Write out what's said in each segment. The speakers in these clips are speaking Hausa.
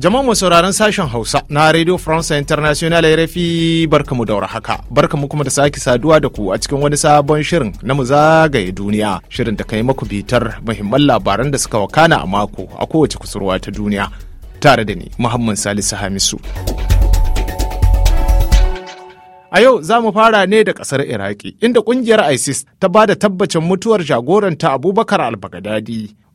Jama'a mu sauraron sashen Hausa na Radio France International RFI barkamu da haka. Barkamu kuma da sake saduwa da ku a cikin wani sabon shirin na mu zagaye duniya. Shirin da kai maku bitar muhimman labaran da suka wakana a mako a kowace kusurwa ta duniya. Tare da ni Muhammad Salisu Hamisu. A yau za mu fara ne da ƙasar Iraki, inda ƙungiyar ISIS ta ba da tabbacin mutuwar jagoranta Abubakar al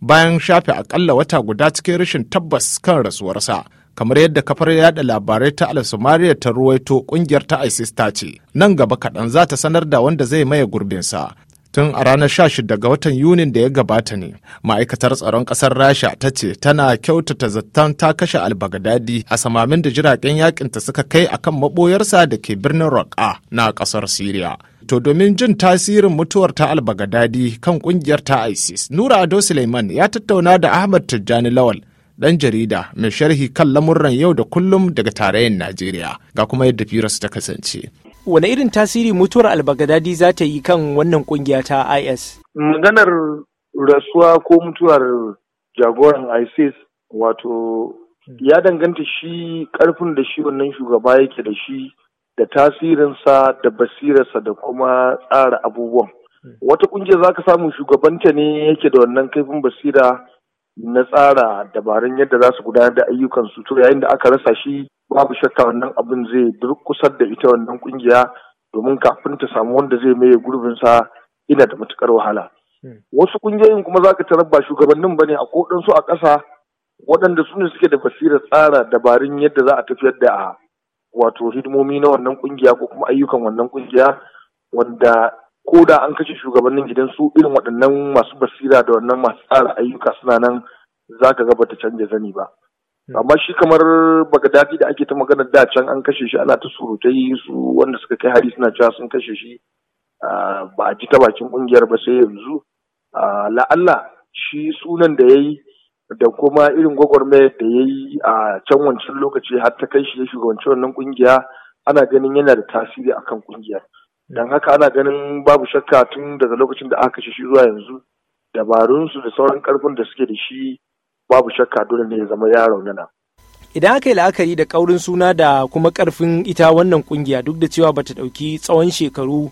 bayan shafe aƙalla wata guda cikin rashin tabbas kan rasuwarsa. Kamar yadda kafar yada labarai ta Al-Somaliya ta ruwaito ƙungiyar ta ISIS ta ce, nan gaba kaɗan za ta sanar da wanda zai maye gurbinsa, tun a ranar 16 ga watan yunin da ya gabata ne ma'aikatar tsaron ƙasar rasha ta ce tana kyautata zaton ta kashe albagadadi a samamin da jiragen yakinta suka kai akan maɓoyarsa da ke birnin raqqa na ƙasar syria to domin jin tasirin mutuwar ta albagadadi kan kungiyar ta isis nura ado suleiman ya tattauna da ahmad tijjani lawal dan jarida mai sharhi kan lamurran yau da kullum daga tarayyar najeriya ga kuma yadda firas ta kasance wane irin tasiri mutuwar albagadadi za ta yi kan wannan kungiya ta is maganar rasuwa ko mutuwar jagoran isis wato ya danganta shi karfin da shi wannan shugaba yake da shi da tasirinsa da basirarsa da kuma tsara abubuwan wata kungiya za ka samu shugabanta ne yake da wannan kaifin basira na tsara dabarun yadda za su gudanar da ayyukansu to yayin da aka rasa shi babu shakka wannan abin zai durkusar da ita wannan kungiya domin kafin ta samu wanda zai maye gurbin sa ina da matukar wahala hmm. wasu kungiyoyin kuma za ka tarar ba shugabannin ba ne a kodansu a ƙasa waɗanda su ne suke da basirar tsara dabarun yadda za a tafiyar da a wato hidimomi na wannan kungiya ko kuma ayyukan wannan kungiya wanda ko da an kashe shugabannin gidan su irin waɗannan masu basira da wannan masu tsara ayyuka suna nan za ka ga ta canja zani ba. Hmm. amma shi kamar dadi da ake ta magana da can an kashe shi ana ta surutai su wanda suka kai hari suna cewa sun kashe shi ah, ba a ji ta bakin kungiyar ba sai yanzu ah, la'alla shi sunan da ya yi da kuma irin gwagwarmayar da ya yi a can wancan lokaci har ta kai shi ya shugabanci wannan kungiya ana ganin yana da tasiri akan kungiyar dan haka ana ganin babu shakka tun daga lokacin da aka kashe shi zuwa yanzu dabarunsu da sauran karfin da suke da shi babu shakka dole ne ya zama ya raunana. Idan aka yi la'akari da kaurin suna da kuma karfin ita wannan kungiya duk da cewa bata ɗauki tsawon shekaru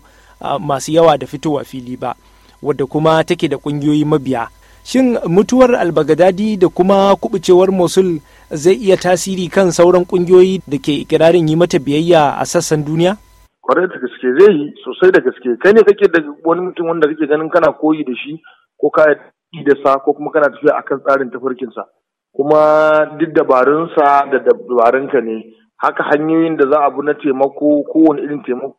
masu yawa da fitowa fili ba, wadda kuma take da kungiyoyi mabiya. Shin mutuwar albagadadi da kuma kubucewar Mosul zai iya tasiri kan sauran ƙungiyoyi da ke ikirarin yi mata biyayya a sassan duniya? Kwarai da gaske zai yi sosai da gaske kai ne kake da wani mutum wanda kake ganin kana koyi da shi ko ka idasa ko kuma kana tafiya akan tsarin tafarkinsa kuma duk dabarunsa da dabarunka ne haka hanyoyin da za a bi na taimako kowane irin taimako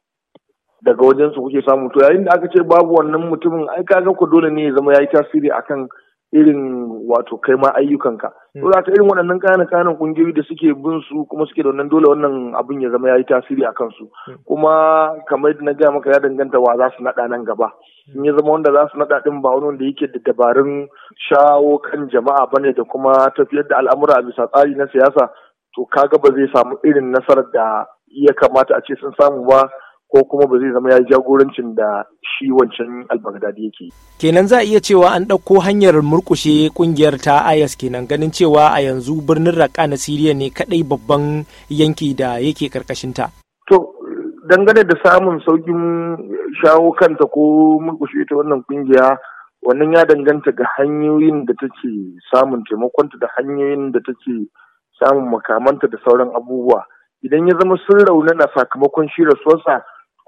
daga wajensu kuke samu to yayin da aka ce babu wannan mutumin ai kaga ku dole ne ya zama ya yi tasiri akan irin wato kai ma ayyukanka. To za ka irin waɗannan ƙananan ƙananan ƙungiyoyi da suke bin su kuma suke da wannan dole wannan abin ya zama ya yi tasiri a kansu. Hmm. Kuma kamar yadda na gaya maka ya danganta wa za su naɗa nan gaba. Hmm. In ya zama wanda za su naɗa ɗin ba wani wanda yake da dabarun shawo kan jama'a bane da kuma tafiyar da al'amura a bisa tsari na siyasa. To kaga ba zai samu irin nasarar da ya kamata a ce sun samu ba ko kuma ba zai zama ya jagorancin da shi wancan albagdadi yake kenan za a iya cewa an ɗauko hanyar murkushe ƙungiyar ta is kenan ganin cewa a yanzu birnin raka na siriya ne kadai babban yanki da yake karkashin ta to dangane da samun saukin shawo kanta ko murkushe ta wannan kungiya wannan ya danganta ga hanyoyin da take samun taimakonta da hanyoyin da take samun makamanta da sauran abubuwa idan ya zama sun raunana sakamakon shi rasuwarsa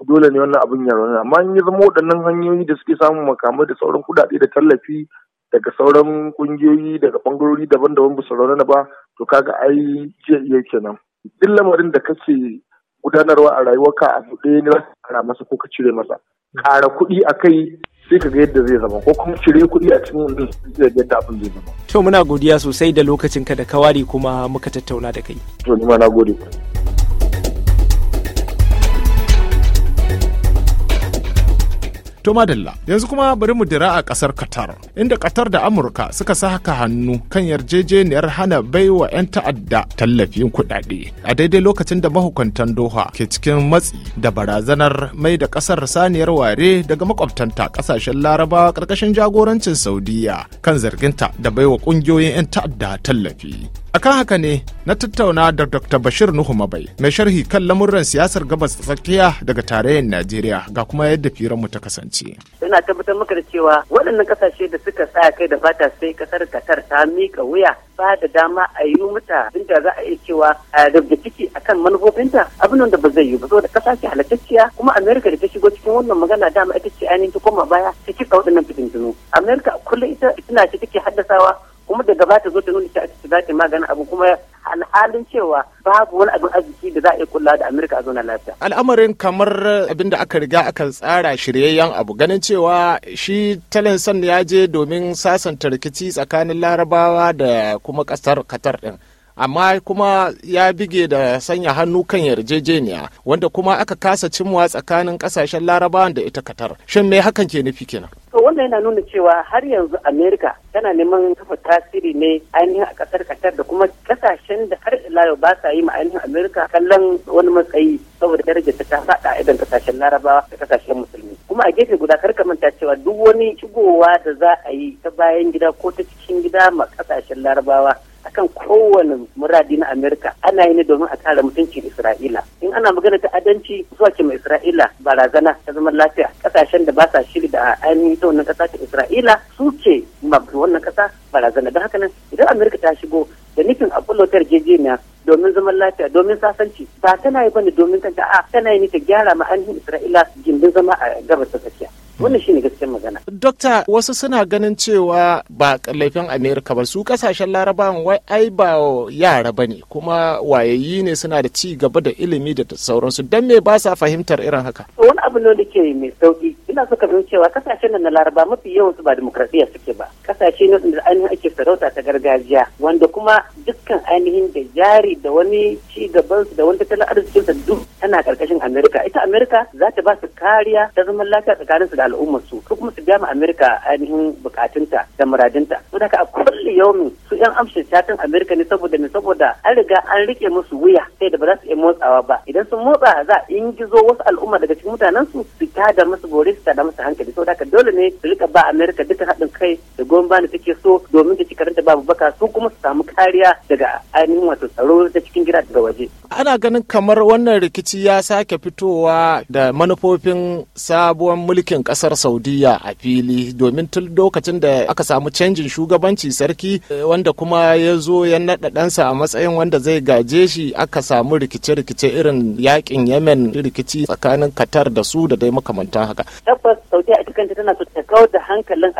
dole ne wannan abin ya amma in ya zama waɗannan hanyoyi da suke samun makamai da sauran kuɗaɗe da tallafi daga sauran kungiyoyi daga bangarori daban-daban ba su raunana ba to kaga ai jiya iya kenan duk lamarin da kake gudanarwa a rayuwarka a buɗe ne kara masa ko ka cire masa ƙara kuɗi a kai sai ka ga yadda zai zama ko kuma cire kuɗi a cikin wanda ga yadda abin zai zama. To muna godiya sosai da lokacin ka da kawari kuma muka tattauna da kai. To ni ma na gode. To madalla, yanzu kuma bari mu dira a ƙasar Qatar, inda Qatar da Amurka suka saka hannu kan yarjejeniyar hana baiwa 'yan ta'adda tallafin kuɗaɗe. A daidai lokacin da mahukuntan Doha ke cikin matsi da barazanar mai da ƙasar saniyar ware daga makwabtanta ƙasashen Laraba ƙarƙashin jagorancin Saudiya kan zarginta da baiwa ƙungiyoyin 'yan ta'adda tallafi. a kan haka ne na tattauna da dr bashir nuhu mabai mai sharhi kan lamuran siyasar gabas tsakiya daga tarayyar najeriya ga kuma yadda firanmu ta kasance ina tabbatar maka da cewa waɗannan ƙasashe da suka sa kai da fata sai ƙasar qatar ta miƙa wuya ba da dama a yi muta inda za a iya cewa a da ciki akan manufofinta abin da ba zai yi ba saboda da ce halittacciya. kuma amerika da ta shigo cikin wannan magana dama ita ce ainihin ta koma baya ta kika waɗannan fitintunu amerika kullum ita tana ce take haddasawa kuma daga gaba ta zo ta nuna ta za ta magana abu kuma alhalin cewa babu wani abin arziki da za a iya kula da amurka a zona lafiya al'amarin kamar abin da aka riga aka tsara shiryayyen abu ganin cewa shi talin son ya je domin sasanta rikici tsakanin larabawa da kuma kasar katar din amma kuma ya bige da sanya hannu kan yarjejeniya wanda kuma aka kasa cimwa tsakanin kasashen larabawan da ita katar shin me hakan ke nufi kenan to wannan yana nuna cewa har yanzu america tana neman kafa tasiri ne ainihin a kasar katar da kuma kasashen da har ila yau ba sa yi ma ainihin america kallon wani matsayi saboda daraja ta fada idan kasashen larabawa da kasashen musulmi kuma a gefe guda kar ka manta cewa duk wani shigowa da za a yi ta bayan gida ko ta cikin gida ma kasashen larabawa akan kowane muradi na Amerika ana yi ne domin a kare mutuncin Isra'ila. In ana magana ta ta'addanci zuwa ce mai Isra'ila barazana ta zaman lafiya kasashen da ba sa shiri da ainihin ita wannan kasa ta Isra'ila su ce wannan kasa barazana don haka nan idan Amerika ta shigo da nufin a kullo yarjejeniya domin zaman lafiya domin sasanci ba tana yi bane domin kanta a tana yi ne ta gyara ma ainihin Isra'ila gindin zama a gabas ta tsakiya. wannan shine gaskiyar magana dokta wasu suna ganin cewa ba laifin amerika ba su kasashen larabawan wai ai ba yara ba ne kuma wayayi ne suna da ci gaba da ilimi da sauransu don me ba sa fahimtar irin haka wani abu ne da ke mai sauki ina so ka cewa kasashen nan na laraba mafi yawan su ba demokradiyya suke ba kasashe ne da ainihin ake sarauta ta gargajiya wanda kuma dukkan ainihin da jari da wani ci gaban su da wani tattalin arzikin su duk tana karkashin amerika ita amerika za ta ba su kariya ta zaman lafiya tsakanin su da al'ummar su ko kuma su biya ma Amerika ainihin bukatunta da muradinta don haka a kulli yaumi su yan amshin shatin Amerika ne saboda ne saboda an riga an rike musu wuya sai da ba za su iya motsawa ba idan sun motsa za a ingizo wasu al'umma daga cikin mutanen su su tada musu bore su tada musu hankali saboda haka dole ne su rika ba Amerika duka haɗin kai da gwamnati da take so domin da cikaranta babu baka su kuma su samu kariya daga ainihin wato tsaro ta cikin gida daga waje ana ganin kamar wannan rikici ya sake fitowa da manufofin sabuwar mulkin ƙasa kasar saudiya a fili domin tun lokacin da aka samu canjin shugabanci sarki eh, wanda kuma ya zo ya naɗa ɗansa a matsayin wanda zai gaje shi aka samu rikice-rikice irin yakin yemen rikici tsakanin qatar da su da dai makamantan haka tabbas saudiya ita cikin tana so ta kawar da hankalin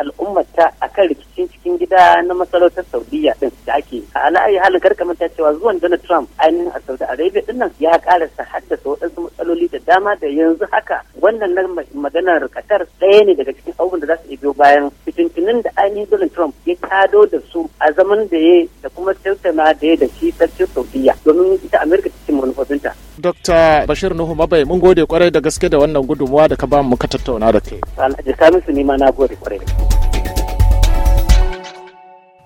ta akan rikicin cikin gida na masarautar saudiya din da ake a ala'ayi halin ta cewa zuwan donald trump ainihin a saudi arabia din nan ya karasa haddasa waɗansu matsaloli da dama da yanzu haka wannan na maganar qatar ɗaya ne daga cikin abubuwan da za su iya biyo bayan fitintunin da ainihin Donald Trump ya kado da su a zaman da ya da kuma tattauna da ya da shi sarkin Saudiya domin ita Amerika cikin manufofinta. Dr. Bashir Nuhu Mabai mun gode kwarai da gaske da wannan gudunmuwa da ka ba mu ka tattauna da kai. Alhaji Samisu ne ma na gode kwarai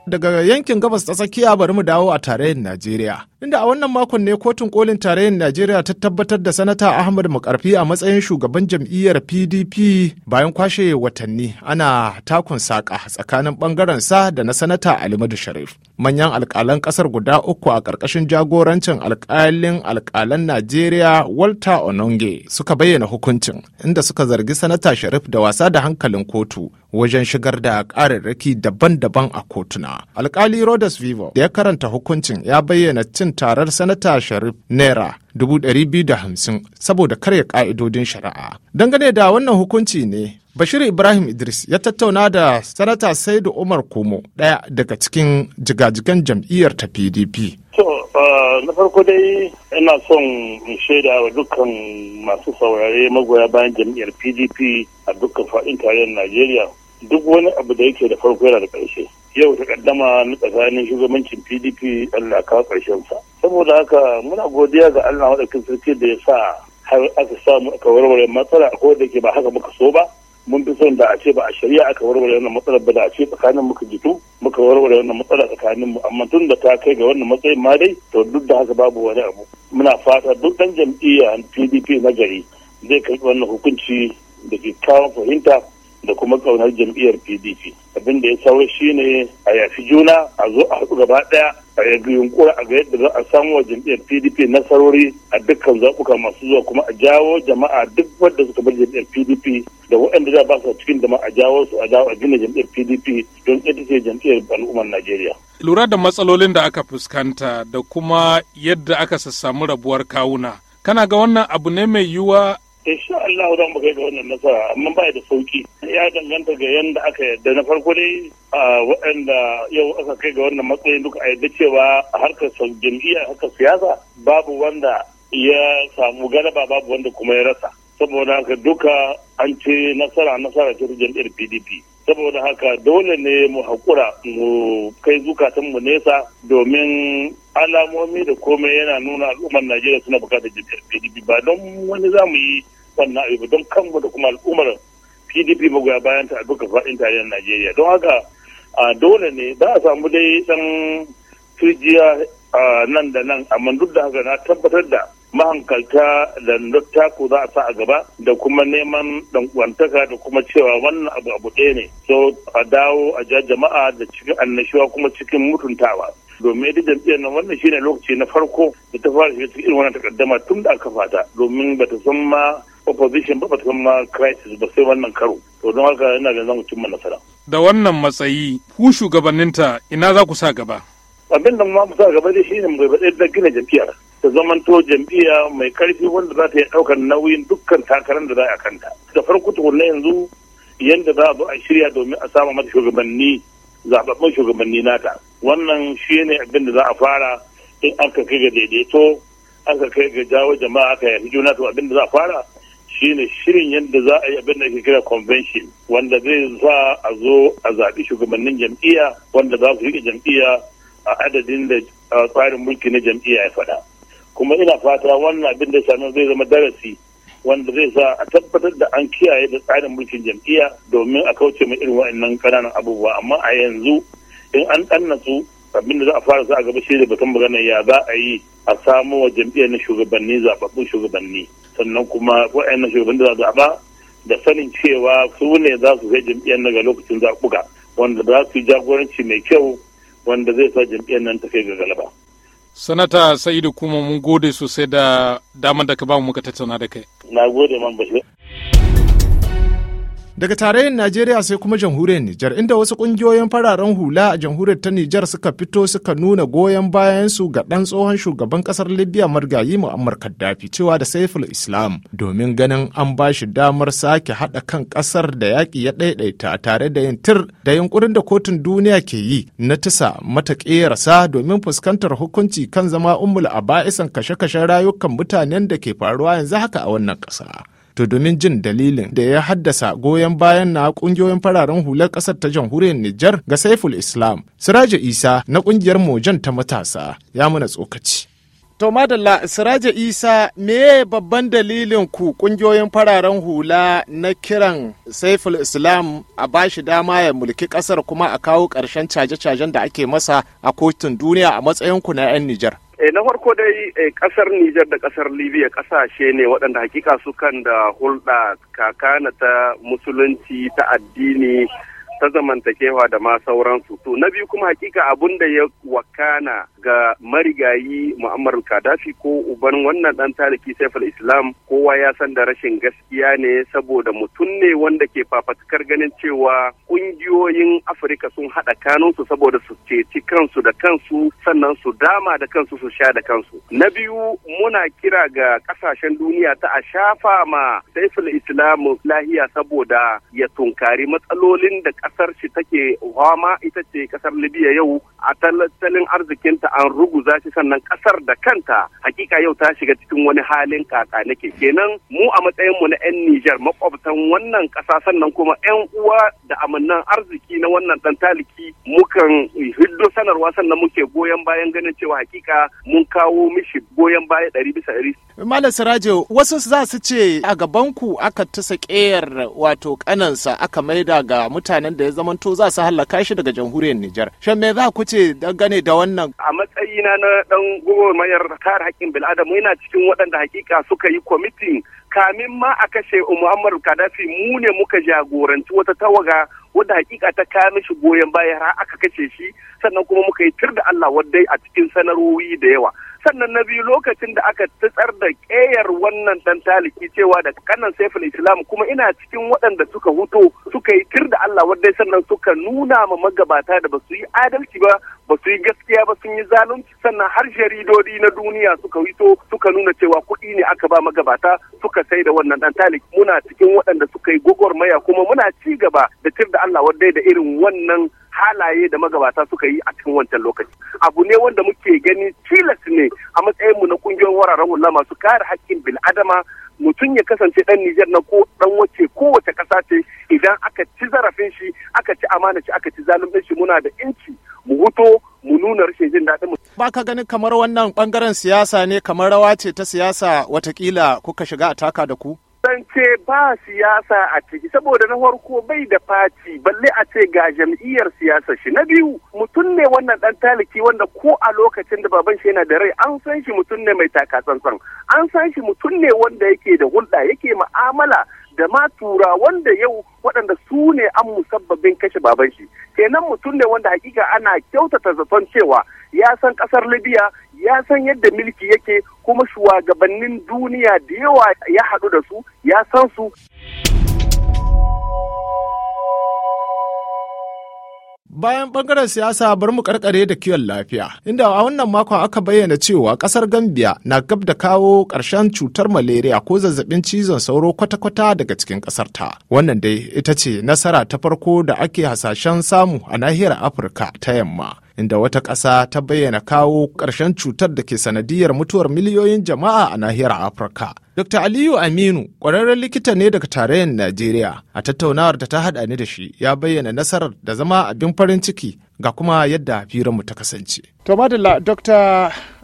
Daga yankin gabas ta tsakiya bari mu dawo a tarayyar Najeriya. Inda a wannan makon ne kotun kolin tarayyar Najeriya ta tabbatar da sanata Ahmad Mukarfi a matsayin shugaban jam'iyyar PDP bayan kwashe watanni ana takun saƙa tsakanin ɓangaren sa da na sanata Alimadu Sharif. Manyan alƙalan ƙasar guda uku a ƙarƙashin jagorancin alƙalin alƙalan Najeriya Walter Ononge suka bayyana hukuncin inda suka zargi sanata Sharif da wasa da hankalin kotu wajen shigar da ƙararraki daban-daban a kotuna. Alkali Rodas Vivo da ya karanta hukuncin ya bayyana cin tarar Sanata Sharif Naira 250 saboda karya ƙa'idodin shari'a. Dangane da wannan hukunci ne, Bashir Ibrahim Idris ya tattauna da Sanata Saidu Umar Komo ɗaya daga cikin jigajigan jam'iyyar ta PDP. To, uh, na farko dai ina son in shaida wa dukkan masu saurare magoya bayan jam'iyyar PDP a dukkan faɗin tarayyar Najeriya duk wani abu da yake da farko yana da ƙarshe yau ta kaddama na tsakanin shugabancin pdp allah ka ƙarshen sa saboda haka muna godiya ga allah maɗaukin sarki da ya sa har aka samu aka warware matsala ko da ke ba haka muka so ba mun fi son da a ce ba a shari'a aka warware wannan matsala ba da a ce tsakanin muka jitu muka warware wannan matsala tsakanin mu amma tun da ta kai ga wannan matsayin ma dai to duk da haka babu wani abu muna fata duk ɗan jam'iyyar pdp na gari zai karɓi wannan hukunci da ke kawo fahimta da kuma kaunar jam'iyyar pdp abin da ya saura shine a yafi juna a zo a haɗu gaba ɗaya a yunkura a ga yadda za a samu wa jam'iyyar pdp nasarori a dukkan zaɓuka masu zuwa kuma a jawo jama'a duk wadda suka bar jam'iyyar pdp da waɗanda za ba su cikin dama a jawo su a jawo a gina jam'iyyar pdp don ita ce jam'iyyar al'ummar najeriya. lura da matsalolin da aka fuskanta da kuma yadda aka sassamu rabuwar kawuna kana ga wannan abu ne mai yiwuwa insha Allah za mu kai ga wannan nasara amma ba da sauki ya danganta ga yanda aka yadda na farko dai waɗanda yau aka kai ga wannan matsayin duka a yadda cewa harkar jam'iyya harkar siyasa babu wanda ya samu galaba babu wanda kuma ya rasa saboda haka duka an ce nasara nasara ta jam'iyyar PDP saboda haka dole ne mu haƙura mu kai zukatanmu nesa domin alamomi da komai yana nuna al'ummar Najeriya suna bukatar jam'iyyar PDP ba don wani za mu yi wannan abu don kanmu da kuma al'ummar pdp magoya bayan ta a duka faɗin najeriya don haka a dole ne za a samu dai san turjiya nan da nan amma duk da haka na tabbatar da mahankalta da ko za a sa a gaba da kuma neman dankwantaka da kuma cewa wannan abu abu ɗaya ne so a dawo a ja jama'a da cikin annashuwa kuma cikin mutuntawa domin duk jam'iyyar nan wannan shine lokaci na farko da ta fara shiga cikin irin wannan takaddama tun da aka fata domin bata san ma opposition ba ta kuma crisis ba sai wannan karo to don haka ina ganin zamu cimma nasara da wannan matsayi ku shugabanninta ina za ku sa gaba abin da mu sa gaba dai shine mu da gina jam'iyyar ta zamanto jam'iyya mai karfi wanda za ta yi daukar nauyin dukkan takarar da za a kanta da farko tukunna yanzu yadda za a zo a shirya domin a samu mata shugabanni zababban shugabanni nata wannan shine abinda abin da za a fara in an ka kai ga daidaito an ka kai ga jawo jama'a aka yi juna to abin da za a fara shine shirin yadda za a yi abin da ake kira convention wanda zai sa a zo a zaɓi shugabannin jam'iyya wanda za su riƙe jam'iyya a adadin da tsarin mulki na jam'iyya ya faɗa kuma ina fata wannan abin da sami zai zama darasi wanda zai sa a tabbatar da an kiyaye da tsarin mulkin jam'iyya domin a kauce ma irin wa'annan ƙananan abubuwa amma a yanzu in an ɗannatsu abin da za a fara za a gaba shi da batun magana ya za a yi a samu wa jam'iyyar na shugabanni zababbun shugabanni sannan kuma wa'annan shugaban da zaɓa da sanin cewa su ne za su kai jam'iyyar na ga lokacin zaɓuka wanda za su yi jagoranci mai kyau wanda zai sa jam'iyyar nan ta kai ga galaba. sanata sa'idu kuma mun gode sosai da damar da ka ba mu muka tattauna da kai. na gode man bashir. daga tarayyar najeriya sai kuma jamhuriyar nijar inda wasu kungiyoyin fararen hula a jamhuriyar ta nijar suka fito suka nuna goyon bayansu ga ɗan tsohon shugaban ƙasar libya margayi mu'ammar kaddafi cewa da saiful islam domin ganin an bashi damar sake haɗa kan ƙasar da yaƙi ya ɗaiɗaita tare da yin tir da yunkurin da kotun duniya ke yi na tisa mata ƙerasa domin fuskantar hukunci kan zama ummul a ba'isan kashe-kashen rayukan mutanen da ke faruwa yanzu haka a wannan ƙasa. to domin jin dalilin da ya haddasa goyon bayan na kungiyoyin fararen hular kasar ta jamhuriyar Nijar ga Saiful Islam. Siraja Isa na kungiyar Mojan ta matasa ya muna tsokaci. To madalla Siraje Isa me babban dalilin ku kungiyoyin fararen hula na kiran Saiful Islam a bashi dama ya mulki kasar kuma a kawo ƙarshen caje-cajen da ake masa a kotun duniya a matsayin ku na 'yan Nijar. E, na farko dai e, kasar Nijar da kasar Libya kasashe ne waɗanda hakika su kan da hulɗa kakana ta musulunci ta addini ta zamantakewa da ma sauransu to na biyu kuma hakika abun da ya wakana ga marigayi mu'ammar kadafi ko uban wannan dan tariki saifal islam kowa ya san da rashin gaskiya ne saboda mutum ne wanda ke fafatukar ganin cewa ƙungiyoyin afirka sun haɗa kanunsu saboda su ceci kansu da kansu sannan su dama da kansu su sha da kansu na biyu muna kira ga kasashen duniya ta a shafa ma saiful islam lahiya saboda ya tunkari matsalolin da kasar shi take fama ita ce kasar libya yau a tattalin arzikinta an ruguza shi sannan kasar da kanta hakika yau ta shiga cikin wani halin kaka nake kenan mu a matsayin mu na yan nijar makwabtan wannan kasa sannan kuma yan uwa da amannan arziki na wannan dan taliki mukan hiddo sanarwa sannan muke goyon bayan ganin cewa hakika mun kawo mishi goyon baya ɗari bisa ɗari. Malam Sirajo wasu za su ce a gabanku aka tusa ƙeyar wato kanansa aka maida ga mutanen da ya zamanto za su hallaka shi daga jamhuriyar Nijar. Shan me za ku ce dangane da wannan? A matsayina na dan gwagwarmayar kare haƙƙin bil'adam yana cikin waɗanda hakika suka yi kwamitin kamin ma a kashe Muhammadu Kadafi mu ne muka jagoranci wata tawaga wadda hakika ta kame shi goyon baya har aka kashe shi sannan kuma muka yi tir da Allah wadda a cikin sanarwoyi da yawa. sannan na biyu lokacin da aka tsar da ƙeyar wannan dan taliki cewa da kanan saifin islam kuma ina cikin waɗanda suka huto suka yi tir da Allah wadda sannan suka nuna ma magabata da ba yi adalci ba ba su yi gaskiya ba sun yi zalunci sannan har jaridodi na duniya suka hito suka nuna cewa kuɗi ne aka ba magabata suka sai da wannan dan taliki muna cikin waɗanda suka yi gwagwarmaya kuma muna ci gaba da tir da Allah wadda da irin wannan halaye da magabata suka yi a cikin wancan lokaci abu ne wanda muke gani tilas ne a matsayin mu na kungiyoyin wararen hula masu kare haƙƙin bil'adama mutum ya kasance dan Nijar na ko dan wace kowace ƙasa ce idan aka ci zarafin shi aka ci amana ci aka ci zalumin shi muna da inci mu huto mu nuna rashin jin daɗin mu. Ba ka gani kamar wannan bangaren siyasa ne kamar rawa ce ta siyasa watakila kuka shiga a taka da ku? ce ba siyasa a ciki saboda na farko bai da faci balle a ce ga jam'iyyar siyasa shi na biyu mutum ne wannan dan taliki wanda ko a lokacin da baban shi yana da rai an san shi mutum ne mai taka tsantsan an san shi mutum ne wanda yake da hulɗa yake ma'amala da ma tura wanda yau waɗanda su ne an musabbabin kashe baban shi kenan mutum ne wanda hakika ana kyautata zaton cewa ya san ƙasar libya ya san yadda milki yake kuma shugabannin duniya da yawa ya haɗu da su ya san su. Bayan ɓangaren siyasa bar mu karkare da kiwon lafiya, inda a wannan makon aka bayyana cewa ƙasar Gambia na gab da kawo ƙarshen cutar malaria ko zazzabin cizon sauro kwata-kwata daga cikin ƙasar ta. Wannan dai ita ce nasara ta farko da ake hasashen samu a nahiyar Afirka ta yamma. inda wata ƙasa ta bayyana kawo ƙarshen cutar da ke sanadiyar mutuwar miliyoyin jama'a a nahiyar Afirka. Dr. Aliyu Aminu, ƙwararren likita ne daga tarayyar Najeriya, a tattaunawar da ta haɗa ni da shi ya bayyana nasarar da zama abin farin ciki ga kuma yadda mu ta kasance.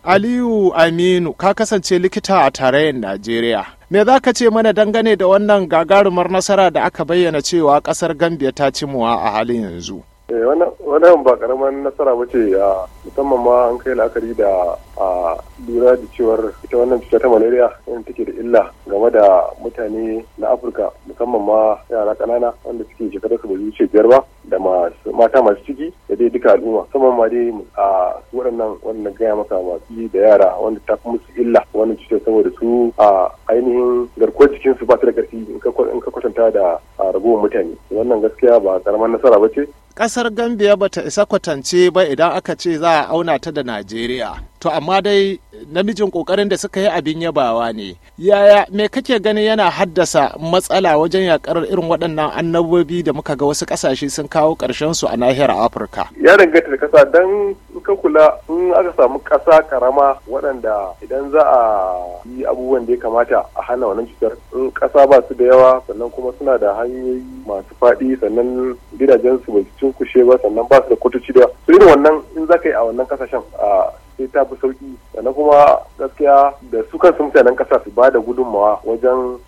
Aliyu Aminu, ka kasance likita a tarayyar Najeriya. Me za ka ce mana dangane da wannan gagarumar nasara da aka bayyana cewa ƙasar Gambia ta cimuwa a halin yanzu? Eh, wannan ba karaman nasara ba ce ah, musamman ma an kai la'akari da a lura da cewar ita wannan cuta ta malaria yana take da illa game da mutane na afirka musamman ma yara kanana wanda suke shekara su bai wuce biyar ba da mata masu ciki da dai duka al'umma saman ma dai a waɗannan wannan gaya maka masu da yara wanda ta fi musu illa wannan cuta saboda su a ainihin garkuwar su ba ta da ƙarfi in ka kwatanta da ragowar mutane wannan gaskiya ba karamar nasara ba ce ƙasar gambia bata isa kwatance ba idan aka ce za a auna ta da najeriya to amma amma dai namijin kokarin da suka yi abin yabawa ne yaya me kake ganin yana haddasa matsala wajen yakar irin waɗannan annabobi da muka ga wasu ƙasashe sun kawo ƙarshen su a nahiyar afirka ya danganta da ƙasa don ka kula in aka samu ƙasa karama waɗanda idan za a yi abubuwan da ya kamata a hana wannan cutar in ƙasa ba su da yawa sannan kuma suna da hanyoyi masu faɗi sannan gidajen su bai cunkushe ba sannan ba su da kotoci da su irin wannan in za ka yi a wannan ƙasashen sai ta fi sauki sannan kuma gaskiya da su kansu mutanen ƙasa su ba da gudunmawa wajen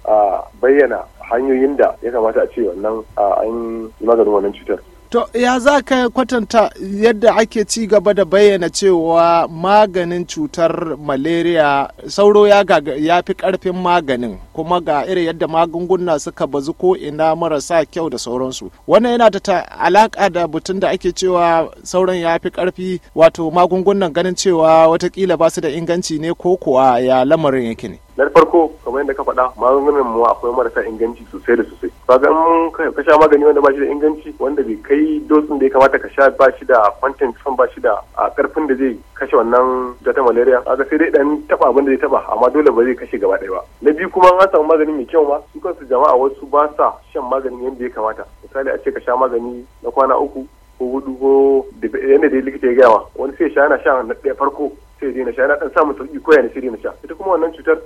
bayyana hanyoyin da ya kamata a ce wannan an yi maganin wannan cutar To ya za ka kwatanta yadda ake ci gaba da bayyana cewa maganin cutar malaria sauro ya fi karfin maganin kuma ga irin yadda magunguna suka bazu ko ina marasa kyau da sauransu. Wannan yana da alaka da butun da ake cewa sauron ya fi karfi wato magungunan ganin cewa watakila ba su da inganci ne ko kuwa ya lamarin yake ne. na farko kamar yadda ka faɗa magungunan mu akwai marasa inganci sosai da sosai kaga in ka sha magani wanda ba shi da inganci wanda bai kai dosin da ya kamata ka sha ba shi da content fan ba shi da a karfin da zai kashe wannan jata malaria kaga sai dai dan taba abin da zai taba amma dole ba zai kashe gaba ɗaya ba na biyu kuma an samu magani mai kyau ma su kansu jama'a wasu ba sa shan magani yadda ya kamata misali a ce ka sha magani na kwana uku ko hudu ko yadda dai likita ya gaya wani sai sha yana sha na farko sai daina sha yana dan samun sauki ko yana sai daina sha ita kuma wannan cutar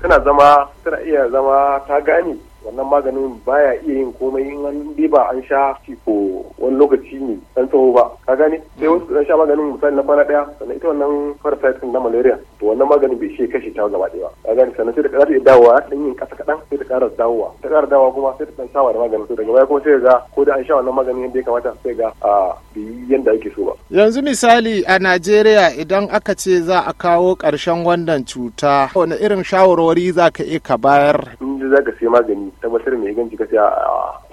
tana zama tana iya zama ta gane wannan maganin baya iya yin komai in an ba an sha shi ko wani lokaci ne dan tsawo ba ka gane sai wasu dan sha maganin misali na kwana daya sannan ita wannan parasite na malaria to wannan maganin bai shi kashe ta gaba daya ka gane sannan sai da za ta dawowa dan yin kasa kadan sai da ƙara dawowa ta ƙara dawowa kuma sai da dan sha maganin to daga baya kuma sai ga ko da an sha wannan maganin yadda ya kamata sai ga a bi yanda ake so ba yanzu misali a Najeriya idan aka ce za a kawo karshen wannan cuta wani irin shawarwari za ka iya ka bayar in za ka sai magani tabbatar mai ganci kasi a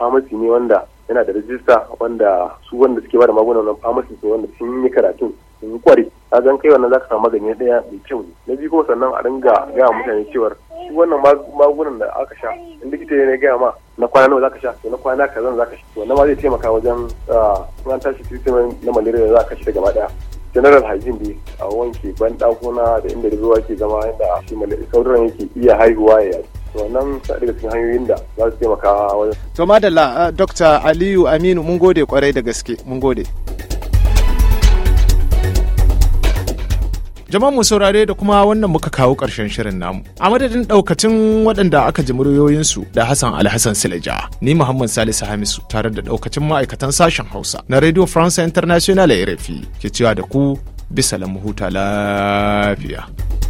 famasi ne wanda yana da rajista wanda su wanda suke bada magunan nan famasi ne wanda sun yi karatun sun yi kwari a zan kai wannan zaka samu magani daya mai kyau ne na biyu kuma sannan a dinga gaya mutane cewar su wannan magunan da aka sha in likita ne gaya ma na kwana nawa zaka sha to na kwana kaza zaka sha wannan ma zai taimaka wajen ah, an tashi treatment na malaria da zaka shi gaba daya general hygiene dai a wanke ban dakuna da inda ruwa ke zama yadda shi malaria sauran yake iya haihuwa ya yi. to wannan ta cikin hanyoyin da za su taimaka wajen. to madalla dr aliyu aminu mun gode kwarai da gaske mun gode. jama'a mu saurare da kuma wannan muka kawo ƙarshen shirin namu a madadin ɗaukacin waɗanda aka ji muryoyinsu da hassan alhassan silaja ni muhammad salisu hamisu tare da ɗaukacin ma'aikatan sashen hausa na radio france international rfi ke cewa da ku bisa lamu huta lafiya.